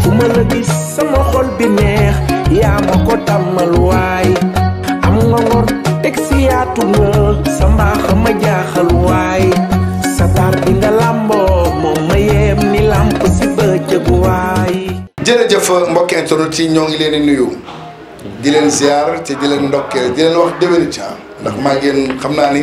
fu ma la gis sama xol bi neex yaa ma ko tàmmal waay am nga ngor teg si yaatu nga sa mbaax ma jaaxal waay sa taar bi nga làmboo moom ma yeem ni làmp si bëccëg waay jërëjëf mbokki internet yi ñoo ngi leen nuyu di leen ziar te di leen ndokkeel di leen wax déwénu ca ndax maa ngeen xam naa ni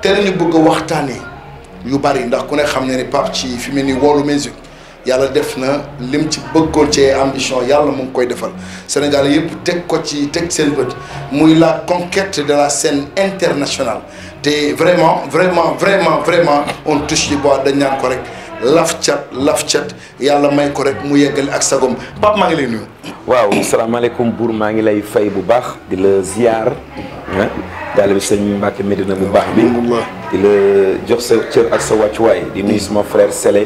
tere ñu bëgg a yu bari ndax ku ne xam ne ni Pape ci fi mu ne nii musique yàlla def na lim ci bëggoon ci ambition yàlla mu ngi koy defal Sénégal yëpp teg ko ci teg seen bët muy la conquête de la scène internationale te vraiment vraiment vraiment vraiment on touche du bois dañ ñaan ko rek laf cat laf cat yàlla may ko rek mu yeggale ak sagom Pape maa ngi lay nuyu. waaw salaamaaleykum buur maa ngi lay fay bu baax di la ziar. Hein. daal bi sëñ Mbacke na bu baax bi di la jox sa cër ak sa wàccuwaay di nuyu suma frère Sele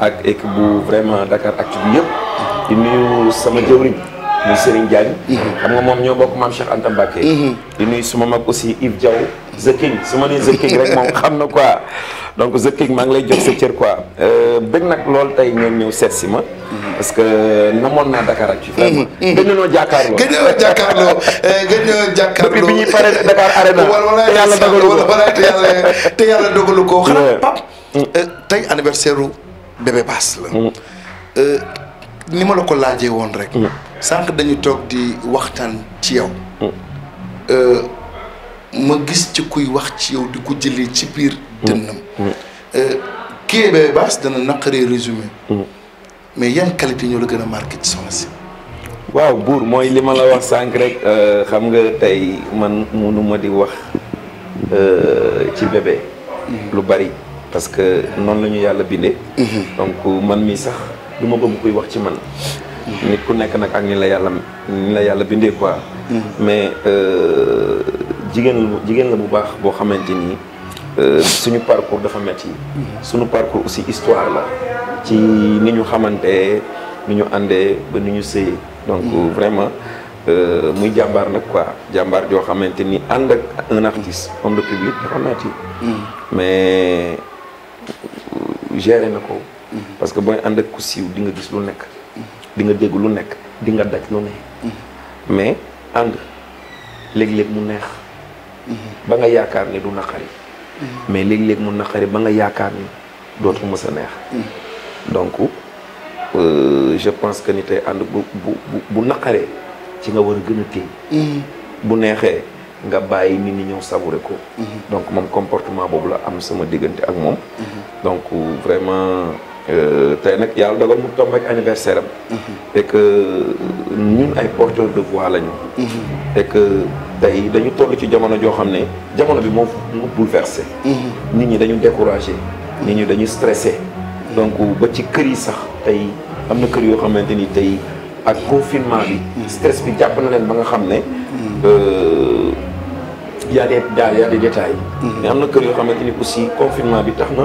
ak équipe bu vraiment Dakar Actu bi yëpp di nuyu sama jëwriñ muy Serigne Diagne mhm. xam nga moom ñoo bokk maam Cheikh Anta Mbacke mhm. di nuyu suma mag aussi Yves Diaw The King su ma nee The King rek moom xam na quoi donc The King maa ngi lay jox sa cër quoi euh, bëgg nag lool tey ngeen ñëw seet si ma. parce que namoon naa Dakar ak ci vraiment. Mm-hmm, mm-hmm. gën nañoo jàkkaarloo gën nañoo jàkkaarloo euh, gën nañoo jàkkaarloo depuis bi ñuy pare Dakar Arena. wala te yàlla dogalu ko wala te yàlla te yàlla dogalu ko. xanaa Pape mm. euh, tey anniversaire u bébé Bass la. Mm. ni ma la ko laajee woon rek. Mm. sànq dañu toog di waxtaan ci yow. ma gis ci kuy wax ci yow di ko jëlee ci biir mm. dënnam mm. Euh, Kébé Baas dana naqaree résumé mm. mais yan qualité ñoo la gën a marqué ci soxna si waaw buur mooy li ma la wax sànq rek euh, xam nga tey man munu di wax euh, ci bébé lu bari parce que noonu lañu yàlla bindee mm-hmm. donc man mi sax du ma bëgg kuy wax ci man mm-hmm. nit ku nekk nag ak ni la yàlla yàlla bindee quoi mm-hmm. mais jigéen la jigéen la bu baax boo xamante ni euh, suñu parcours dafa metti suñu parcours aussi histoire la ci ni ñu xamante ni ñu àndee ba ni ñu sëyee donc mm. vraiment euh, muy jàmbaar nag quoi jàmbaar joo xamante ni ànd ak un artiste homme de public dafa metti mm. mais géré na ko mm. parce que booy ànd ak ku siiw di nga gis lu nekk di nga dégg lu nekk di nga daj lu ne mais ànd léeg-léeg mu neex ba nga yaakaar ni du naqari mais léeg-léeg mu naqari ba nga yaakaar ni dootu mës a neex donc euh, je pense que ni tey ànd bu bu bu naqaree ci nga war a gën a téye bu neexee nga bàyyi nit ñi ñëw savourer ko mhm. donc moom comportement boobu la am sama diggante ak moom mhm. donc vraiment Euh, tey nag yàlla dogal mu tombe ak anniversaire am. Mhm. et que ñun ay porteurs de voix lañu. Mhm. et que tey dañu toll ci jamono joo xam ne jamono bi moo moo bouleversé. Mhm. nit ñi dañu découragé. nit ñi dañu stressé. donc ba ci kër yi sax tey am na kër yoo xamante ni tey ak confinement bi. stress bi jàpp na leen ba nga xam ne. Euh, y a des daal y yi am na kër yoo xamante ni aussi confinement bi tax na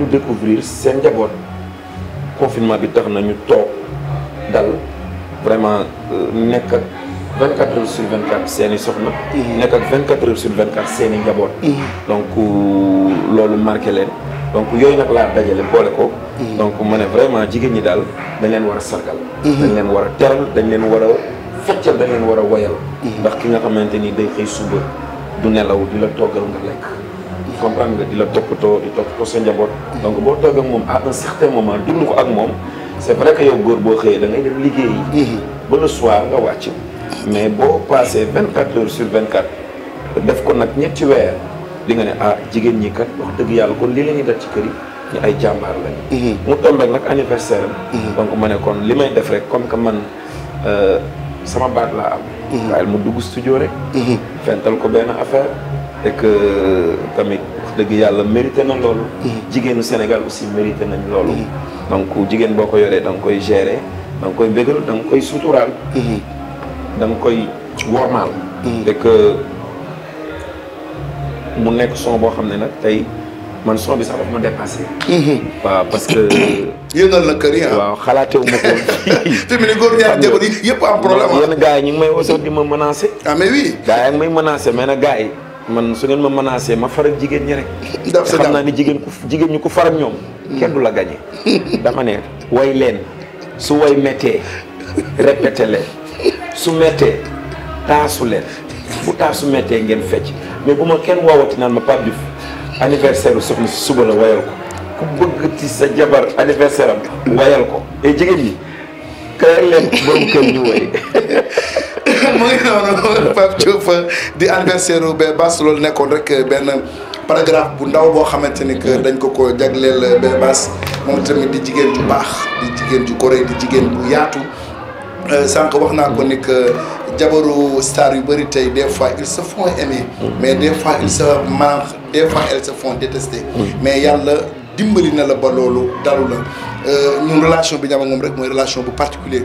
ñu découvrir seen njaboot. confinement bi tax nañu toog dal vraiment euh, nekk ak 24 heures sur 24 seen i soxna. nekk ak 24 heures sur 24 seen seeni njaboot. donc euh, loolu marqué leen. donc yooyu nag laa dajale boole ko. donc ma ne vraiment jigéen ñi daal dañ leen war a sargal. dañ leen war a teral dañ leen war a feccal dañ leen war a woyal. ndax ki nga xamante ni day xëy suba du nelaw di la toggal nga lekk. comprendre nga di la toppatoo di toppatoo sa njaboot donc bo toog ak moom à un certain moment déglu ko ak mom c'est vrai que yow góor bo xëyee da ngay dem liguey ba le soir nga wacc mais bo passé 24 heures sur 24 def ko nak ñetti wèr di nga ne ah jigen ñi kat wax deug yalla kon li lañu def ci kër yi ay jambar lañ iya. mu tombe nak anniversaire donc iya. mané kon limay def rek comme que man eh, sama baat la am waye iya. mu dugg studio rek fental ko ben affaire et que eh, tamit dëgg yàlla mérité na loolu. Hmm. jigéenu Sénégal aussi mérité na loolu. Hmm. donc jigéen boo ko yoree danga koy gérer da koy bégal da nga koy suturaal. Hmm. da nga koy wormaal. et mu nekk son boo xam ne nag tey man son bi sax dafa ma dépassé. waaw parce que. yëngal na kër yi ah. waaw xalaatewu ma ko. te mu yëpp am problème. Ah. yenn ñu ngi may woo sax di ma menacé. ah man su ngeen ma menacé ma faral jigéen ñi rek. xam naa ne jigéen ku jigéen ñi ku faral ñoom. kenn du la gañe dama ne woy leen su woy méttee répété leen su méttee taasu leen bu taasu méttee ngeen fecc mais bu ma kenn woowati naan ma Pape Diouf anniversaire u soxna si suba la wayal ko ku bëgg ci sa jabar anniversaire am wayal ko et jigéen ñi kër leen borom kër ñu woy mu ngi noonu Pape Diouf di anniversaire u bass loolu nekkoon rek ben paragraphe bu ndaw bo xamanteni que dañ ko ko eh, be bass moom tamit di jigéen ju baax di jigéen ju koré di jigéen bu yaatu eh, sànq wax naa ko ni que jabaru star yu bëri tay des fois ils se font aimer mais des fois ils se manquent des fois elles se font détester mais yalla dimbali na la ba lolou dalu la ñun relation bi ñu am rek moy relation bu particulier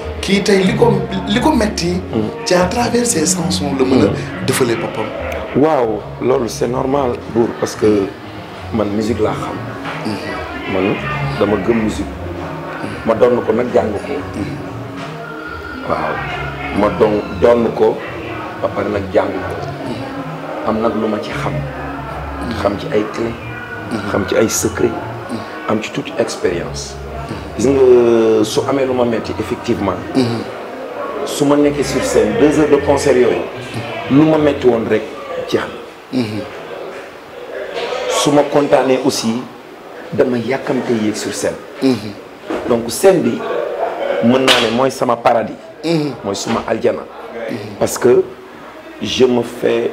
Qui a traversé ko hmm. c'est à travers chansons la a hmm. c'est normal parce que man musique la xam hmm. man dama la musique ma dans ko ma don ko la musique. am ci xam xam ci ay secret toute expérience gis nga euh, su amee metti effectivement. Mm-hmm. su ma nekkee sur scène deux heures de concert yooyu. lu ma metti woon rek jeex na. Mm-hmm. su ma kontaanee aussi dama yàkkamte yéeg sur scène. Mm-hmm. donc scène bi mon naa ne mooy sama paradis. mooy suma aljana. parce que je me fais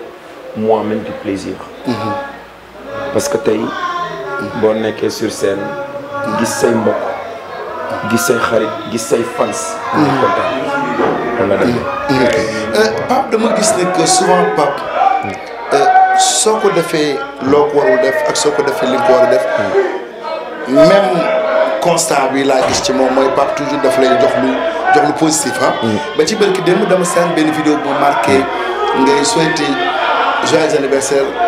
moi-même du plaisir. parce que tey boo nekkee sur scène gis say gis say xarit gis say fans. Mm. Mm. Mm. Eh, Pape dama que souvent Pape. Eh, soo ko defee loo ko warul def ak soo ko li même constat Pape toujours daf lay jox positif ah. ba ci barki démb dama seen vidéo pour marqué ngay souhaité joyeux anniversaire.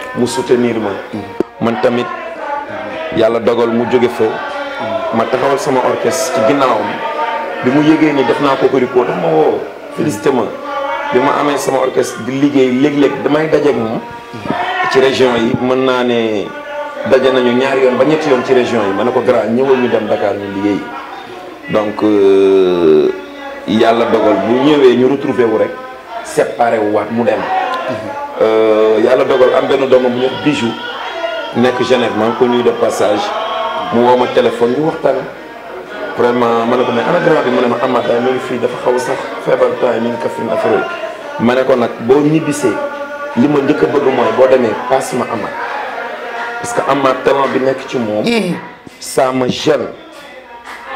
mu soutenir ma man tamit yàlla dogal mu jóge fa ma taxawal sama orchestre ci ginnaawam bi mu yëgee ni def naa Cocorico daf ma woo félicité ma bi ma amee sama orchestre di liggéey léeg-léeg damay dajeek moom ci région yi mën naa ne daje nañu ñaari yoon ba ñetti yoon ci région yi ma ne ko grand ñëwal ñu dem Dakar ñu liggéey donc euh, yàlla dogal mu ñëwee ñu retrouvé wu rek séparé wu waat mu dem Euh, yàlla dogal am benn doomam bu ñu wax bijou nekk Genève maa ko nuyu de passage mu woo ma téléphone ñu waxtaan vraiment ma ne ko mais ana grand bi mu ne ma Amath daal mi ngi fii dafa xaw sax feebar temps yi mi ngi Kaffrine affaire ma ne ko nag boo ñibbisee li ma njëkk a bëgg mooy boo demee passe ma Amath parce que Amath talent bi nekk ci moom. Eh. ça me gêne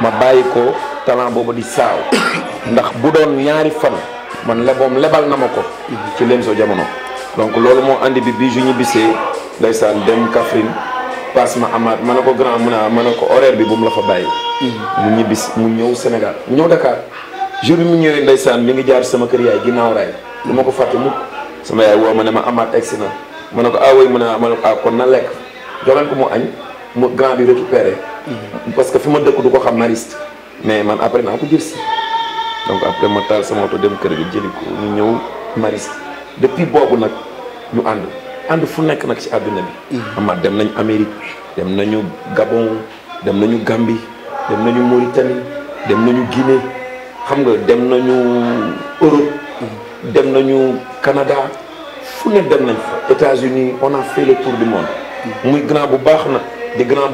ma bàyyi ko talent boobu di saaw. ndax bu doon ñaari fan. man leboom lebal na ma ko ci leen soo jamono donc loolu moo indi bi bi ju ñu bisee ndeysaan dem Kaffrine passe ma amaat ma ne ko grand mun a ma ne ko horaire bi bu mu la fa mu ñibbis mu ñëw Sénégal ñëw Dakar jour bi mu ñëwee mi ngi jaar sama kër yaay ginnaaw ma ko fàtte mukk sama yaay woo ma ne ma amaat egsi na ma ko ah oui mu ne ah kon na lekk joxleen ko mu añ mu grand bi récupéré mhm. parce que fi ma dëkk du ko xam mariste mais man après naa ko jël si donc après ma taal sama dem depuis bobu nak ñu and and fu nek ci bi. Mm-hmm. Gabon Gambie dem Mauritanie dem Guinée xam nga dem nañu Europe. Mm-hmm. Canada fu États-Unis on a fait le tour du monde. Mm-hmm. muy grand bu baax na grand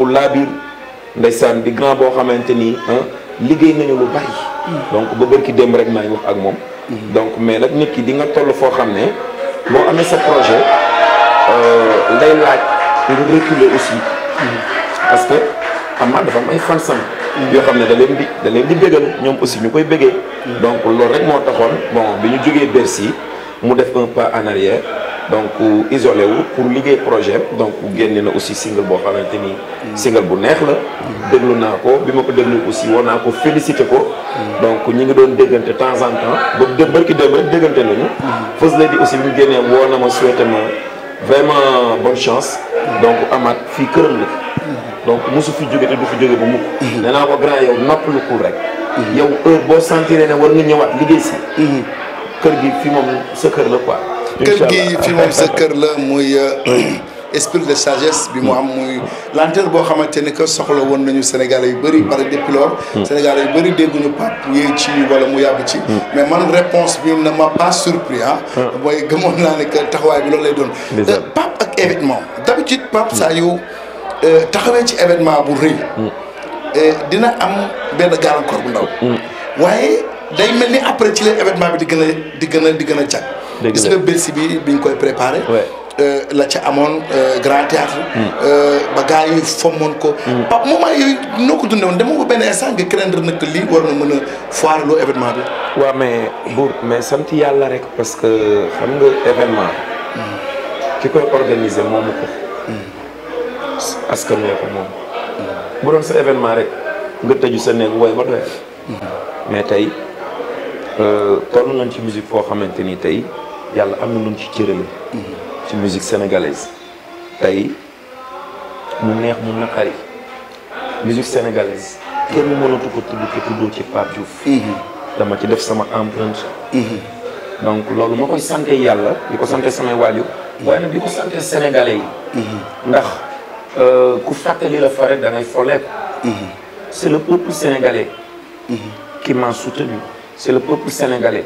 bu grand donc ba bërki dem rek may ngi wax ak mom donc mais nag nit ki di nga tollu fo xamné ne amé sa projet euh lay laaj pour reculer aussi. parce que Ama dafa may ay fansam. yoo xam da len di da len di bëggal ñom aussi ñukoy bëggé donc lool rek mo taxone bon biñu ñu jógee Bercy mu def un pas en arrière donc euh, isolé wu pour liggéey projet donc génne na aussi single bo xamanteni single bu neex la. déglu nako bima ko déglu aussi war ko félicité ko. donc ñi ngi doon déggante temps en temps bu dé barki démb rek déggante nañu. First Lady aussi bu mu génnee woo ma souhaité ma vraiment bonne chance. donc Amath fi këram la. donc mosu fi jóge te du fi jóge bu mukk. nee ko grand yow noppalukul rek. yow heure bo sentiré né war nga ñëwaat liggéey ci keur gi fi mom sa keur la quoi. kër gi fi moom sa kër la muy euh, esprit de sagesse bi mu am muy lenteur boo xamante ni que soxla woon nañu Sénégalais yu bëri parce que depuis lors hmm. Sénégalais yu bëri dégguñu Pape yee ci wala mu yàgg ci hmm. mais man réponse bi na m'a pas surpris ah mooy hmm. gëmoon naa ne que taxawaay bi loolu lay doon euh, Pape ak événement d'habitude Pape saa yu euh, taxawee ci événement bu rëy dina am benn gàllankoor bu ndaw waaye day mel ni après ci la événement bi di gën a di gën a di gën a jag gis nga Bercy bi biñ koy préparé. Euh, la ca amoon euh, grand théâtre mm. euh, ba gars yi fommoon ko. ba mm. moment yooyu noo ko dundee woon dama ko benn instant nga craindre nag lii war na mën a foire loo événement bi. waaw mais buur mais sant yàlla rek parce que xam nga événement. ki koy organiser moomu ko. Mm. askan wi ko moom. bu doon sa événement rek nga tëju sa néeg wooy ba doyal. mais tey toll nañ ci musique foo xamante ni tey yalla am na lu ci cërale ci musique sénégalaise tay mu neex mu naqari musique sénégalaise kenn mënatu ko tudd ko tuddoo ci Pape Diouf dama ci def sama empreinte donc loolu ma koy sante yàlla di ko sante samay waajur waaye nag di ko sante sénégalais yi ndax euh, ku fàttali la fa rek da ngay foleeku c'est le peuple sénégalais qui m'a soutenu c'est le peuple sénégalais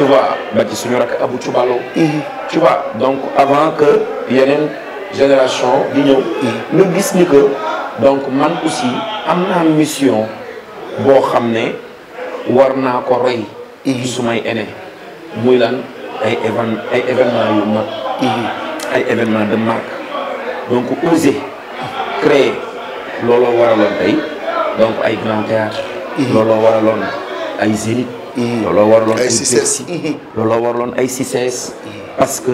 tu vois ba ci suñu Abou Thioubalo tu vois donc avant que y génération di génération ñu gis ni que donc man aussi am naa mission boo xam warna war naa ko roy sumay mes muy lan ay éven ay événement yu mag ay événement de marque donc oser créer lolo waralon tay donc ay grand théâtre mhm. lolo waralon ay zénith parce que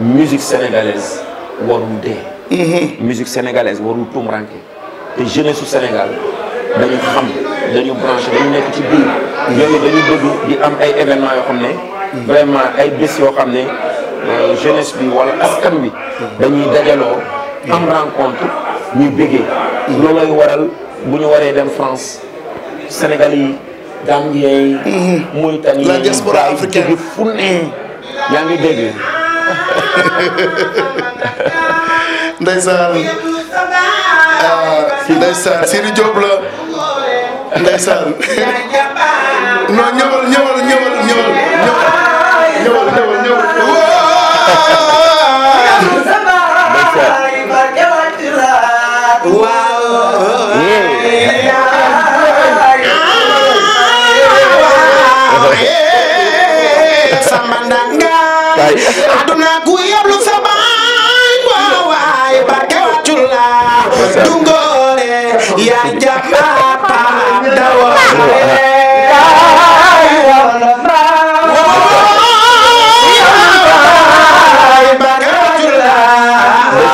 musique sénégalaise warul la mhm. musique sénégalaise warul tumranke et jeunesse du Sénégal dañu xam dañu branché dañu ci dañu bëgg di am ay événements yo mhm. vraiment ay yo euh, jeunesse bi wala askan bi dañuy dajaloo mhm. am rencontre ñu bëggé pour waral bu ñu France sénégalais. Gambie. Mhm. Mauritanie la diaspora africaine fu ne yaa ngi dégg. ndeysaan ah, ndeysaan Sidi Diop la ndeysaan non yëf samba ndanga aduna ku yablu sa bañ waawaay barke wàccul la dungoore yaay jàmbaar paam dawoo xale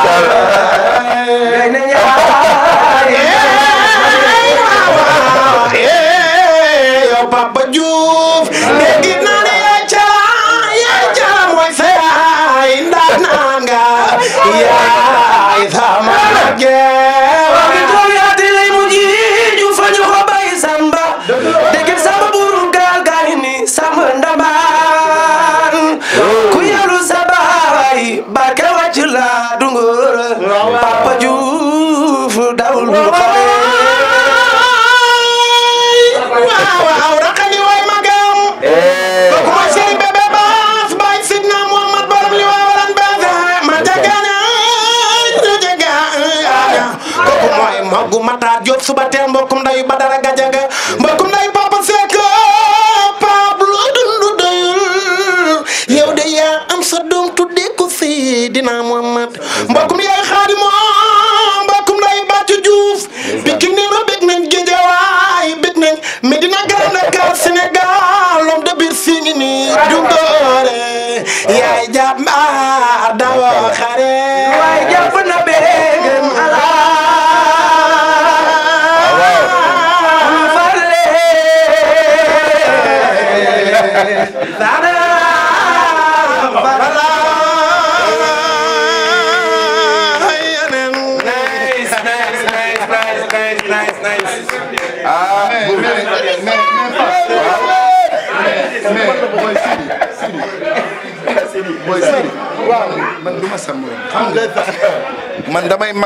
Thank you. suba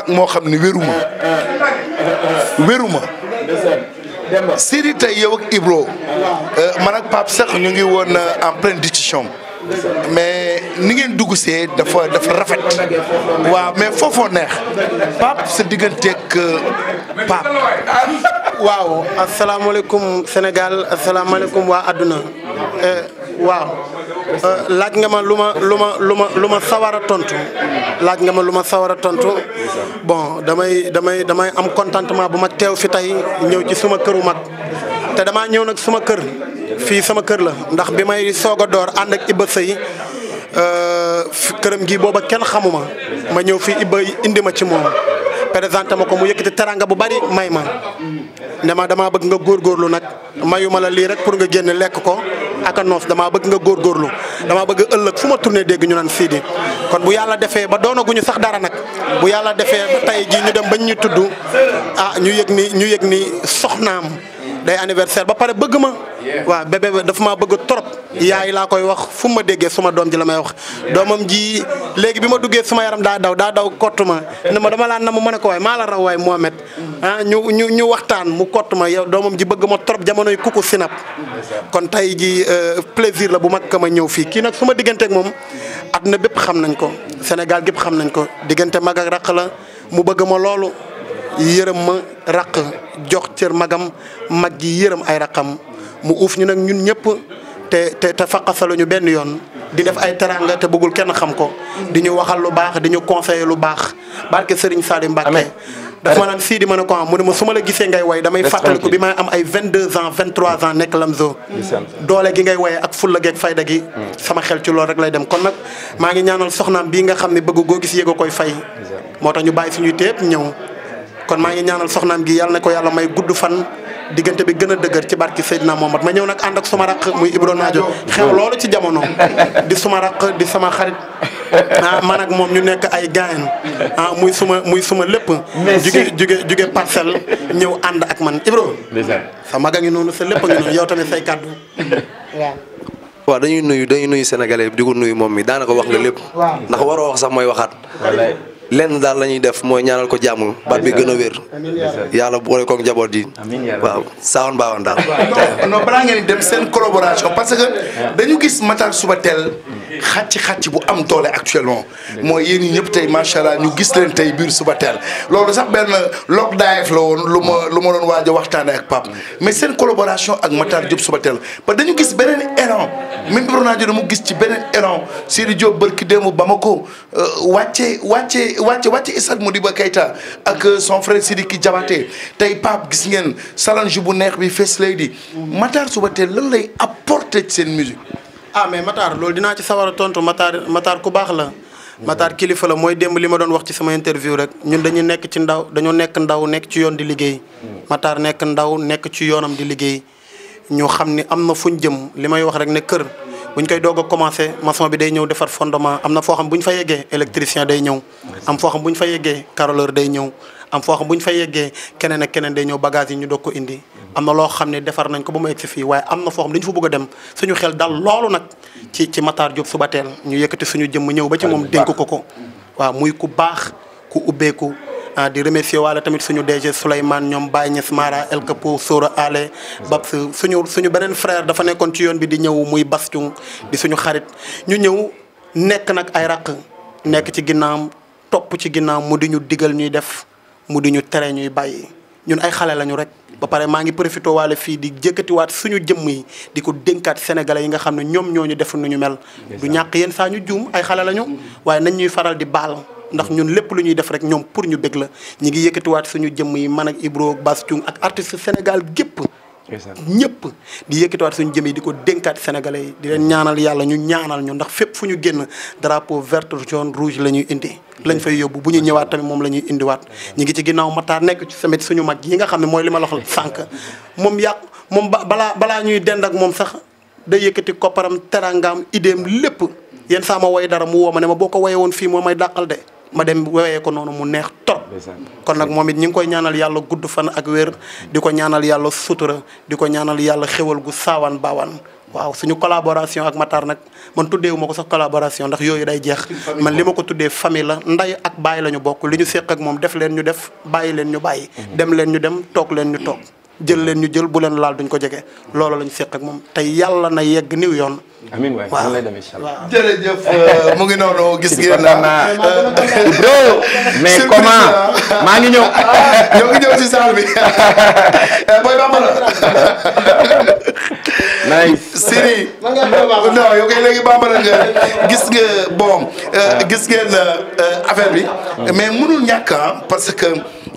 moo xam ne wéru ma wéru ma Sidi yow ak Ibro euh, man ak Pape ñu ngi woon euh, en pleine discussion mais ni ngeen dugg see dafa dafa rafet waaw mais foofoo neex Pape sa digganteeg euh, Pape waaw asalaamaaleykum Sénégal asalaamaaleykum waa àdduna waaw laaj nga ma lu ma lu ma lu ma lu ma sawar a tontu laaj nga ma lu ma sawar a tontu bon damay damay damay am contentement bu ma teew fi tey ñëw ci suma këru mag te damaa ñëw nag suma kër fii sama kër la ndax bi may soog a door ànd ak Iba Sëy euh, këram gi booba kenn xamuma ma ñëw fii Iba indi ma ci moom présenté ma ko mu yëkk yëkkati teranga bu bari may ma ne ma damaa bëgg nga góorgóorlu nag mayu ma la lii rek pour nga génn lekk ko ak a noos damaa bëgg nga góor góorgóorlu damaa bëgg ëllëg fu ma tourné dégg ñu naan Sidi kon bu yàlla defee ba doonaguñu sax dara nag bu yàlla defee ba tey jii ñu dem bañ ñu tudd ah ñu yëg ni ñu yëg ni soxnaam. day anniversaire ba pare bëgg ma waaw dafa maa bëgg trop yaay laa koy wax fu ma déggee suma doom ji la may wax doomam ji léegi bi ma duggee suma yaram daa daw daa daw kott ma ne ma dama laa nam ma ne ko waay maa la raw waay Mohamed mm. ah ñu waxtaan mu kott ma yow doomam ji bëgg ma trop jamonoy kuku sinap kon tey ji euh, plaisir la bu mag kam a ñëw fii kii nag suma digganteek moom àdduna bépp xam nañ ko Sénégal gépp xam nañ ko diggante mag ak rakk la mu bëgg ma loolu yërëm ma raq jox cër magam mag ji yërëm ay raqam mu uuf ñu nag ñun ñëpp te te te salu ñu benn yoon di def ay teranga te bëggul kenn xam ko di ñu waxal lu baax di ñu conseiller lu baax barke Serigne Saliou Mbacké dafa ma naan sii di mën a ko am mu ne ma su ma la gisee ngay woy damay fàttaliku bi may am ay 22 ans 23 ans nekk Lamzo doole gi ngay woyee ak fulla geeg fayda gi mm. sama xel ci loolu rek lay dem kon nag maa ngi ñaanal soxnaam bii nga xam ne bëgg goo gis yéeg a koy fay moo tax ñu bàyyi suñuy téep ñëw kon maa ngi ñaanal soxnaam gi yàlla na ko yàlla may gudd fan diggante bi gën a dëgër ci barki Seydina Mohamed ma ñëw nag ànd ak suma raq muy Ibro Naajo xew loolu ci jamono di suma raq di sama xarit ah moom ñu nekk ay gaayen ah, muy suma muy suma lépp. juge juge juge parcelle ñëw ànd ak man Ibro. sa mag a ngi noonu sa lépp a ngi noonu yow tamit say kàddu waaw. waaw dañuy nuyu dañuy nuyu sénégalais di ko nuyu moom mi daanaka wax nga lépp. ndax waroo wax sax mooy waxaat. lenn daal la ñuy def mooy ñaanal ko jàmm baat bi gën a wér. yàlla boole kook jaboot yi. waaw saawoon baawoon daal. non balaa ngeen dem seen collaboration parce que dañu gis Matar Subatel xàcc xàcc bu am doole actuellement. mooy yéen ñi ñëpp tey macha allah ñu gis leen tey biir Subatel loolu sax benn log daayef la lu ma lu ma doon waaj a waxtaanee ak Pape mm. mais seen collaboration ak Matar Diop Subatel ba dañu gis beneen élan. même bi naa jënd mu gis ci beneen élan Sidi Diop barki démb Bamako euh, wàcce wàcce wàcce wàcce Isaac Modibo Keita ak euh, son frère Sidiki Diabaté tey Pape gis ngeen salange bu neex bi First Lady Matar Soubatel lan lay apporter ci seen musique ah mais Matar loolu dinaa ci sawara tontu Matar Matar ku baax la mataar kilifa la mooy démb li ma doon wax ci sama interview rek ñun dañu nekk ci ndaw dañoo nekk ndaw nekk ci yoon di liggéey mataar nekk ndaw nekk ci yoonam di liggéey ñu xam ni am na fuñ jëm li may wax rek ne kër buñ koy doog a commencé maçon bi day ñëw defar fondement am na foo xam bu ñu fa yeggee électricien day ñëw. am foo xam bu ñu fa yeggee carreleur day ñëw. am foo bu ñu fa yeggee keneen ak keneen day ñëw bagage yi ñu doog ko indi am na loo xam ne defar nañ ko ba mu egg fii waaye am na foo xam dañu fa bëgg dem suñu xel dal loolu nag ci ci Matar Diop suba teel ñu yëkkati suñu jëmm ñëw ba ci moom dénk ko ko waa muy ku baax ku ubbeeku ah di remercier waale tamit suñu DG Souleymane ñoom Baye Niass Mara El Capo Sora Ale Babs suñu suñu beneen frère dafa nekkoon ci yoon bi di ñëw muy Bastung di suñu xarit ñu ñëw nekk nag ay raq nekk ci ginnaam topp ci ginnaaw mu di ñu digal ñuy def mu di ñu tere ñuy bàyyi ñun ay xale lañu rek ba pare maa ngi profité waale fii di jëkkatiwaat suñu jëmm yi di ko dénkaat sénégalais yi nga xam ne ñoom ñoo ñu def nu ñu mel. du ñàkk yenn saa ñu juum ay xale lañu. waaye ndax ñun lépp lu ñuy def rek ñoom pour ñu bëgg la ñu ngi yëkkatiwaat suñu jëmm yi man ak Ibro Bass Thioung ak artiste Sénégal gépp ñëpp di yëkkatiwaat suñu jëm yi di ko dénkaat sénégalais yi di leen ñaanal yàlla ñu ñaanal ñu ndax fépp fu ñu génn drapeau vert jaune rouge la ñuy indi lañ fay yóbbu bu ñu ñëwaat tamit moom la ñuy indiwaat ñu ngi ci ginnaaw Matar nekk ci samit suñu mag yi nga xam ne mooy li ma sànq moom yàq moom ba balaa balaa ñuy dend ak moom sax day yëkkati kopparam terangaam idéem lépp yenn saa ma woy dara mu woo ma ne ma boo ko woyee woon fii moo may dàqal de ma dem wewee ko noonu mu neex trop kon nag moom it ñi ngi koy ñaanal yàlla gudd fan ak wér di ko ñaanal yàlla sutura di ko ñaanal yàlla xéwal gu saawaan baawaan waaw suñu collaboration ak Matar nag man tuddee wu ko sax collaboration ndax yooyu day jeex man li ma ko tuddee famille la nday ak bàyyi lañu ñu bokk li ñu séq ak moom def leen ñu def bàyyi leen ñu bàyyi mhm. dem leen ñu dem toog leen ñu toog jël leen ñu jël bu leen laal duñ ko jege loolu la ñu ak moom tey yàlla na yegg niw yoon amiin waay waaw allah jërëjëf euh, mu ngi noonu gis ngeen na euh, bro mais comment maa ngi ñëw ñoo ngi ñëw ci salle bi eh, booy bambara nice Siri non yow kay léegi bambara nga gis euh, ah. gis ngeen affaire bi ah. mais mënul ñàkk ah, parce que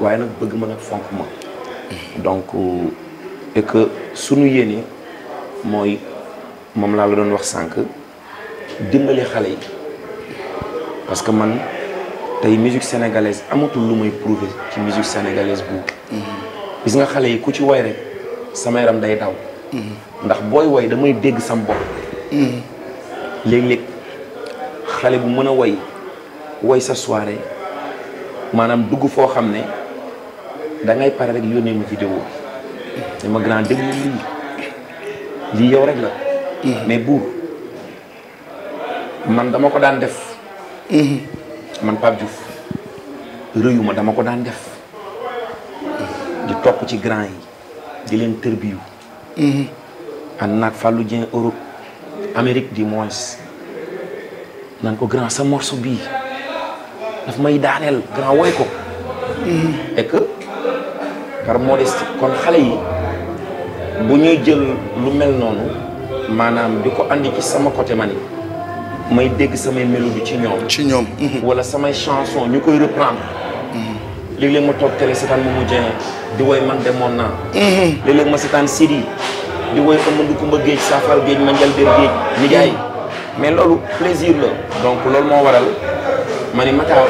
waaye nak bëgg ma nak fonk ma donc et que suñu yéene moy mom la la doon wax sank dimbali xalé yi parce que man tay musique sénégalaise amatul lu may prouver ci musique sénégalaise bu gis nga xalé yi ku ci way rek sama yaram day daw ndax boy way damay dégg sam bopp léeg-léeg xale bu mën a way woy sa soirée maanaam dugg foo xam ne da ngay pare rek yónnee ma vidéo bi ma grand déglu lii lii yow rek la mhm. mais buur man dama ko daan def mhm. man Pape Diouf rëyuma dama ko daan def di topp ci grand yi di leen tërbiyu mhm. ànd naag Fallou Dieng Europe Amérique du moins nan ko grand sa morceau bii daf may daaneel grand woy ko et par modestie kon xale yi bu ñuy jël lu mel noonu maanaam di ko andi ci sama côté mani may dégg samay mélodie ci ñoom. ci ñoom. wala samay chanson ñu koy reprendre. léeg-léeg ma toog télé seetaan Momo Dieng di woy man demoon naa. léeg-léeg ma seetaan Sidi di woy Amadou Koumba Géej Saafal Géej ma Ndial Bér Géej. nijaay mm. mais loolu plaisir la. donc loolu moo waral ma ni Matar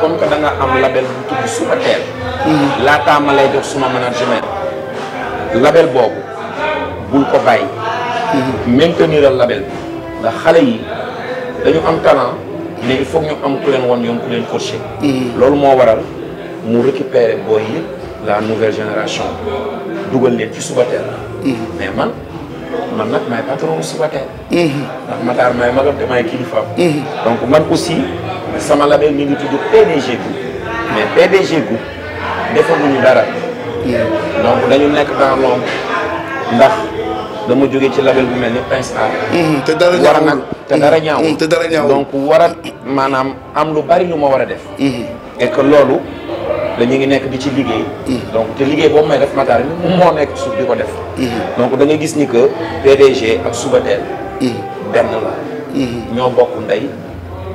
comme que da nga am label bu tudd suba teel mhm. laataa ma lay jox suma management label Bob, bul ko mhm. maintenir le label La ndax xale yi dañu am talent mais il faut ñu am ku leen woon yoon ku leen coaché mhm. loolu moo waral mu récupérer Boy, la nouvelle génération dugal leen ci sous teel mais man man mais pas trop suba teel ndax Matar maay magam te maay kilifaam donc man aussi sama label mi ngi tudd PDG Group mais PDG Group defaguñu dara donc dañu nekk dans ndax dama jóge ci label bu mel ni Prince Art mm-hmm. te dara ñaaw a nag te dara mm-hmm. ñaaw mm-hmm. donc war maanaam am lu bari lu ma war a def et loolu dañu ngi nekk di ci liggéey donc te liggéey boobu may def mataar mi moo nekk suuf di ko def donc da gis ni que PDG ak Subatel benn la ñoo bokk ndey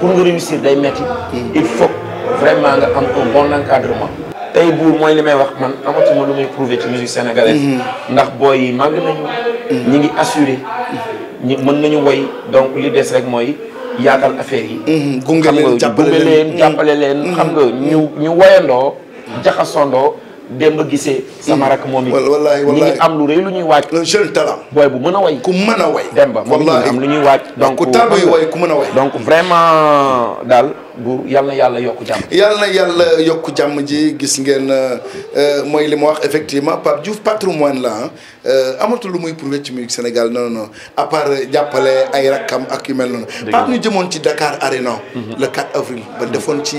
pour nga réussir day metti il faut vraiment nga am un bon encadrement Tay buur moy limay wax man amatuma lu may prouver ci musique sénégalaise mm-hmm. ndax boy yi màgg nañu mm-hmm. ñi ngi assuré mm-hmm. ñi mën nañu woy donc li des rek mooy yaatal affaire yi gunge leen jàppale leen xam nga ñu ñu woyandoo jaxasondoo démb gisee. sama rak moom it. wallaahi wallaahi ñu ngi am lu rëy lu ñuy waaj. un jeune talent. booy bu mën a way. ku mën a way. lu ñuy waaj. donc ku taal bay way ku mën a way. donc vraiment daal bu yàlla yàlla yokk jàmm. yàlla na yàlla yokk jàmm ji gis ngeen euh, mooy li ma wax effectivement Pape Diouf patrimoine la ah lu muy prouvé ci musique Sénégal non non à part jàppale ay rakkam ak yu mel noonu. Pape ñu jëmoon ci Dakar Arena. Mhm. le 4 avril ba defoon ci.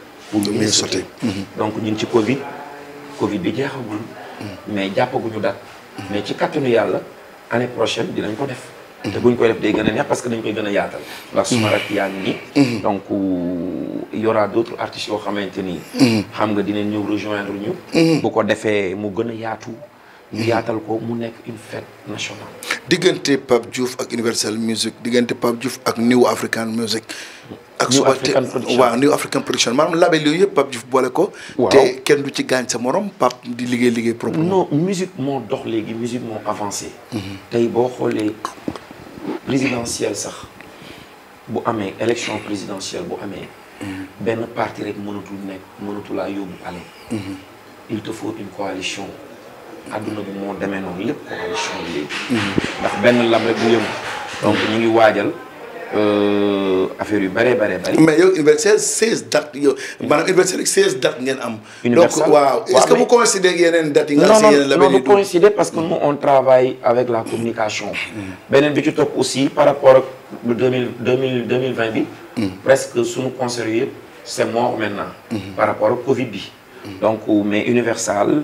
pour mieux sauter mm-hmm. donc ñu ngi ci Covid Covid bi jeexagul. Mm-hmm. mais jàppaguñu dara. Mm-hmm. mais ci kàttanu yàlla année prochaine dinañ ko def. te buñ koy def day gën a neex parce que dañ koy gën a yaatal. ndax suma rak yaa ngi nii. donc euh, y aura d'autres artistes yoo xamante ni. xam nga dinañ ñëw rejoindre ñu. bu ko defee mu gën a yaatu. ñu yaatal ko mu nekk une fête nationale. diggante Pape Diouf ak Universal Music diggante Pape Diouf ak New African Music. ak New African Production New African Production manam label yooyu yëpp Pape Diouf boole ko. té kenn du ci gañ sa morom Pape di liggéey liggéey problème. non musique mo dox légui musique mo avancé. Mhm. tay bo xolé présidentielle sax bu amé élection présidentielle bu amé mhm. Ben parti rek mënatul nek mënatul laa yóbbu mhm. il te faut une coalition aduna bi mo demee noonu lépp ko am changé léegi ndax benn lab rek bu yëngu donc ñu ngi wajal euh affaire yu bare bare bare mais yow universel 16 date yow maanaam université rek seize ngeen am. donc waaw est-ce que vous coïncidez yenen date nga xam si yeneen la non non non coïncider parce que nous on travaille avec la communication. benen bi ci top aussi par rapport ak 2000 2000 2020 bi. presque suñu concert yëpp c'est mort maintenant. Mm-hmm. par rapport au Covid bi. donc mais Universal.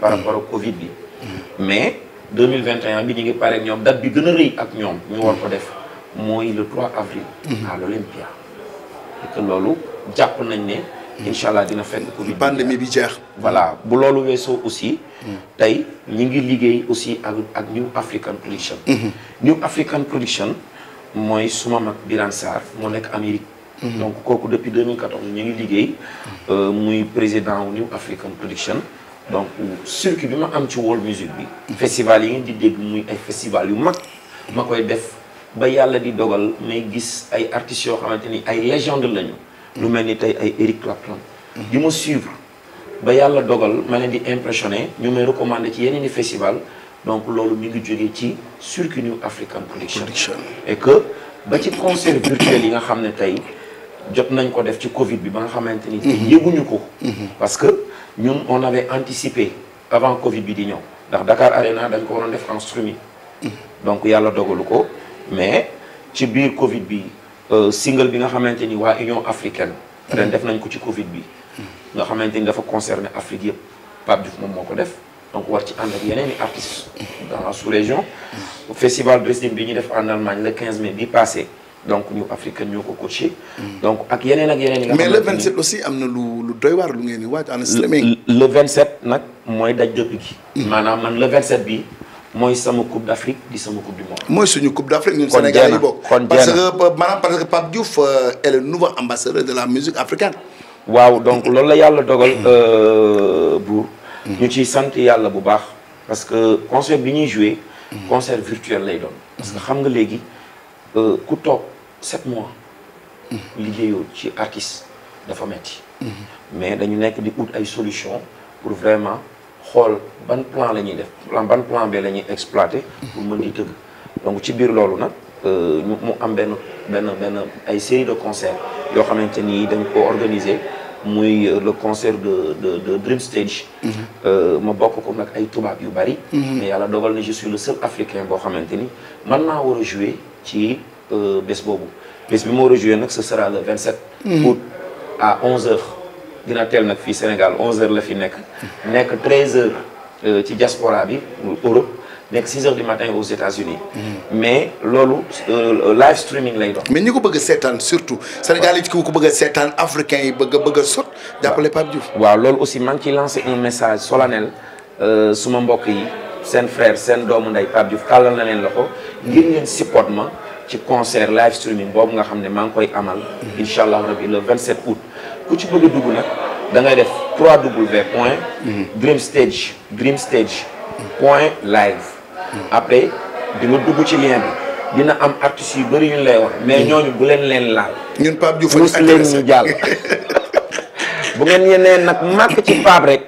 par rapport au Covid mais 2021 nous allons ngi pare ñoom date bi gën a ak ñu le 3 avril. à l'Olympia. et que loolu jàpp nañ ne. incha dina Covid bi pandémie bi jeex. voilà bu loolu vaisseau aussi. tey ñi ngi aussi ak New African Production. Mhm. New African Production mooy suma mag Birane Sarr mon nekk Amérique. Mhm. donc depuis 2014 nous ngi liggéey. Euh, muy président de New African Production donc circuit qui ma am ci world music bi. festival yi ngeen di dégg muy festival yu mak ma def ba yalla di dogal may gis ay artistes yo xamanteni ay légende lañu. lu melni tay ay Eric Clapton. di ma suivre ba yalla dogal ma leen di impressionner ñu may recommandé ci yeneen festival donc lolu mi ngi jógee ci circuit New African Production. et que ba ci concert virtuel yi nga xamné tay jot nañ ko def Covid mhm. mhm. parce que on avait anticipé avant Covid bi Dakar Arena en mhm. donc mais ci biir Covid bi euh, single bi nga Union africaine. dañ def nañ ko ci Covid bi. nga concerné Afrique donc dans la sous-région. festival Dresden bi en Allemagne le 15 mai passé donc nous africain nous ko donc ak yeneen ak yeneen. mais le 27 aussi am le lu lu doy lu en streaming. le 27 nak mooy date de gi. Mm. man le 27 bi mooy sama coupe d'Afrique Afrique di sama coupe du monde. C'est suñu coupe d'Afrique, Afrique ñun Sénégal parce que maanaam parce que Pape Diouf euh, est le nouveau ambassadeur de la musique africaine. waaw donc mm-hmm. loolu la le dogal. Mm-hmm. Euh, buur mm-hmm. ñu ciy sant yàlla bu baax. parce que concert bi ñuy joué. concert virtuel lay doon. parce que xam nga léegi euh, ku sept mois. Mhm. liggéeyoo ci artiste dafa metti mhm. mais dañu nekk di ut ay solution pour vraiment xool ban plan la ñuy def plan ban plan bee la ñuy exploiter. pour mën di tëgg donc ci biir loolu nag euh, ñu mu am benn benn benn ay série de concert yoo xamante dañ ko organiser muy euh, le concert de de de Dream Stage. Mhm. Euh, ma bokk ko nag ay tubaab yu bari. mais yàlla dogal na je suis le seul africain boo xamante ni man naa war a jouer ci. Euh, bés bobu bés bi mo rejoué nak ce sera le 27 mm-hmm. août à 11h dina tel nak fi Sénégal 11h la fi nek nek 13h ci diaspora bi Europe nek 6h du matin aux États-Unis mm-hmm. mais loolu euh, live streaming lay doon. mais ñi ko bëgg sétane surtout Sénégal yi ko bëgg sétane seetaan africain yi bëgg a bëgg sot jàppale pap Diouf wa lolu aussi man ci lancer un message solennel euh suma mbokk yi sen frère sen doomu nday pap Diouf tàllal na len loxo ngir ngeen support ma ci concert live streaming nga amal. le 27 août. ku ci bëgg dugg 3 dream stage dream stage. live. après di nga dugg ci lien bi. dina am artistes yu ñu lay wax. mais ñooñu bu ñun bu ci rek.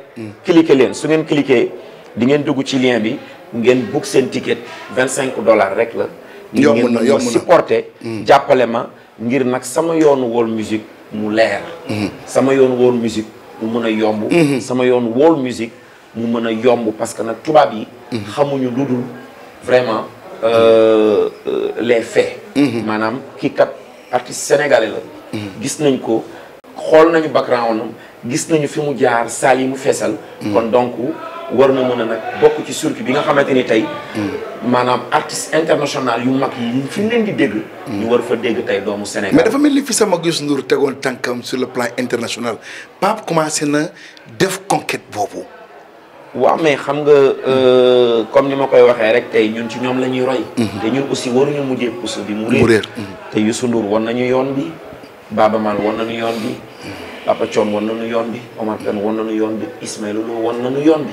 cliquer su cliquer di dugg lien bi book ticket 25 dollars yomb na yomb na supporté mm. jàppale ma ngir nag sama yoonu World Music mu leer mm-hmm. sama yoonu World Music mu mën a yomb mm-hmm. sama yoonu World Music mu mën a yomb parce que nag tubaab yi mm-hmm. xamuñu lu dul vraiment euh, les faits maanaam kii kat artiste sénégalais la gis nañ ko xool nañu background gis nañu fi mu jaar saal yi mu feesal kon donc war na mën a nag bokk ci circuit bi nga xamante ni tey. Hmm. maanaam artiste international yu mag yi fi leen di dégg. Hmm. ñu war fa dégg tey doomu Sénégal. mais dafa mel ni fi sama Youssou Ndour tegoon tànkam sur le plan international Pape commencé na def conquête boobu. waaw mais xam nga euh, comme ni ma koy waxee rek tey ñun ci ñoom la ñuy roy. Hmm. te ñun aussi waruñu mujjee puso bi mu réer. te Youssou Ndour war ñu yoon bi Baaba Maal war nañu yoon bi. Papa Thione war nañu yoon bi Omar Pène war nañu yoon bi Ismaël Lô war nañu yoon bi.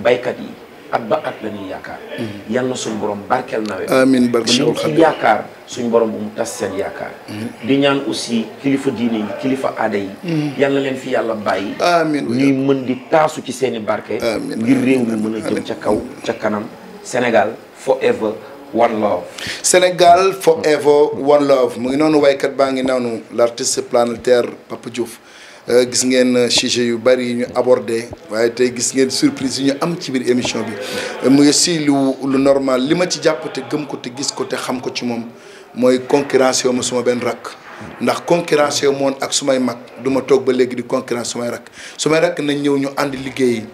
baykat yi ak ba at la ñuy yaakaar. Mm-hmm. yal na suñu borom barkeel nawet. amiin barke Cheikhul ci yaakaar suñu borom bu mu tas seen yaakaar. Mm-hmm. di ñaan aussi kilifa diine kilifa aada yi. Mm-hmm. yal leen fi yàlla bàyyi. amiin ñuy mën di taasu ci seen i barke. ngir réew mi mën a jëm ca kaw ca kanam Sénégal forever. One Love. Sénégal forever One Love mu ngi noonu waykat baa ngi noonu l' artiste planétaire Papa Diouf. Euh, gis ngeen euh, sujet yu bari yu ñu abordé waaye tey gis ngeen surprise yu ñu am ci biir émission bi mu ngi si lu lu normal li ma ci jàpp te gëm ko te gis ko te xam ko ci moom mooy concurrence yoo ma suma benn rakk ndax concurrence yoo moon ak sumay mag du ma toog ba léegi di concurrence sumay rakk sumay rakk nañ ñëw ñu ànd liggéey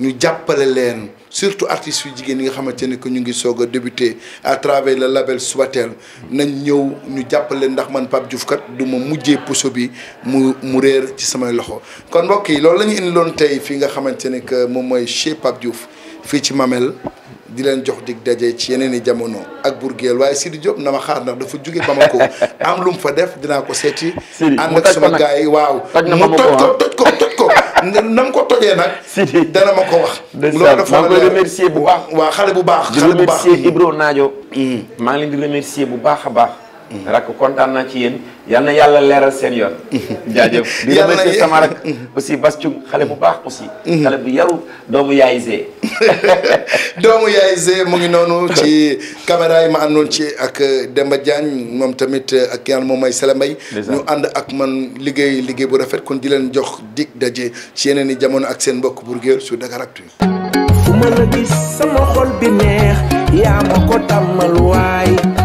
ñu jàppale leen surtout artistes yu jigéen yi nga xamante ne que ñu ngi soog a débuté à travers le label Subatel nañ ñëw ñu jàppale ndax man Pape Diouf kat du ma mujjee poso bi mu mu réer ci samay loxo. kon mbokk yi loolu lañu indi loon tey fii nga xamante ne que moom mooy chez Pape Diouf fii ci Mamel di leen jox dig daje ci yeneen i jamono ak Bourguel waaye Sidi Diop na ma xaar ndax dafa jóge ko am lu mu fa def dinaa ko seeti. ànd ak sama gars yi waaw mu toj ko toj ko toj ko. na mu ko tojee nag. si dana ma ko wax. loolu dafa ma koy remercier bu baax. waaw xale bu baax xale bu baax di remercier Ibro Naajo. maa ngi leen di remercier bu baax a baax. Mm-hmm. rakk kontaan naa ci yéen yal yàlla leeral seen yoon mm-hmm. jaajëf di remercier sama rak mm-hmm. aussi Bas Cung xale bu baax aussi xale bu yaru doomu yaay Zé doomu yaay Zé mu ngi noonu ci caméra yi ma àndoon ci ak Demba Diagne moom tamit ak ki moom may Sele Mbay nu ànd ak man liggéey liggéey bu rafet kon di leen jox dig daje ci yeneen i jamono ak seen mbokk Bourguel su Dakaractu fu ma la sama xol bi neex yaa ma ko tàmmal waay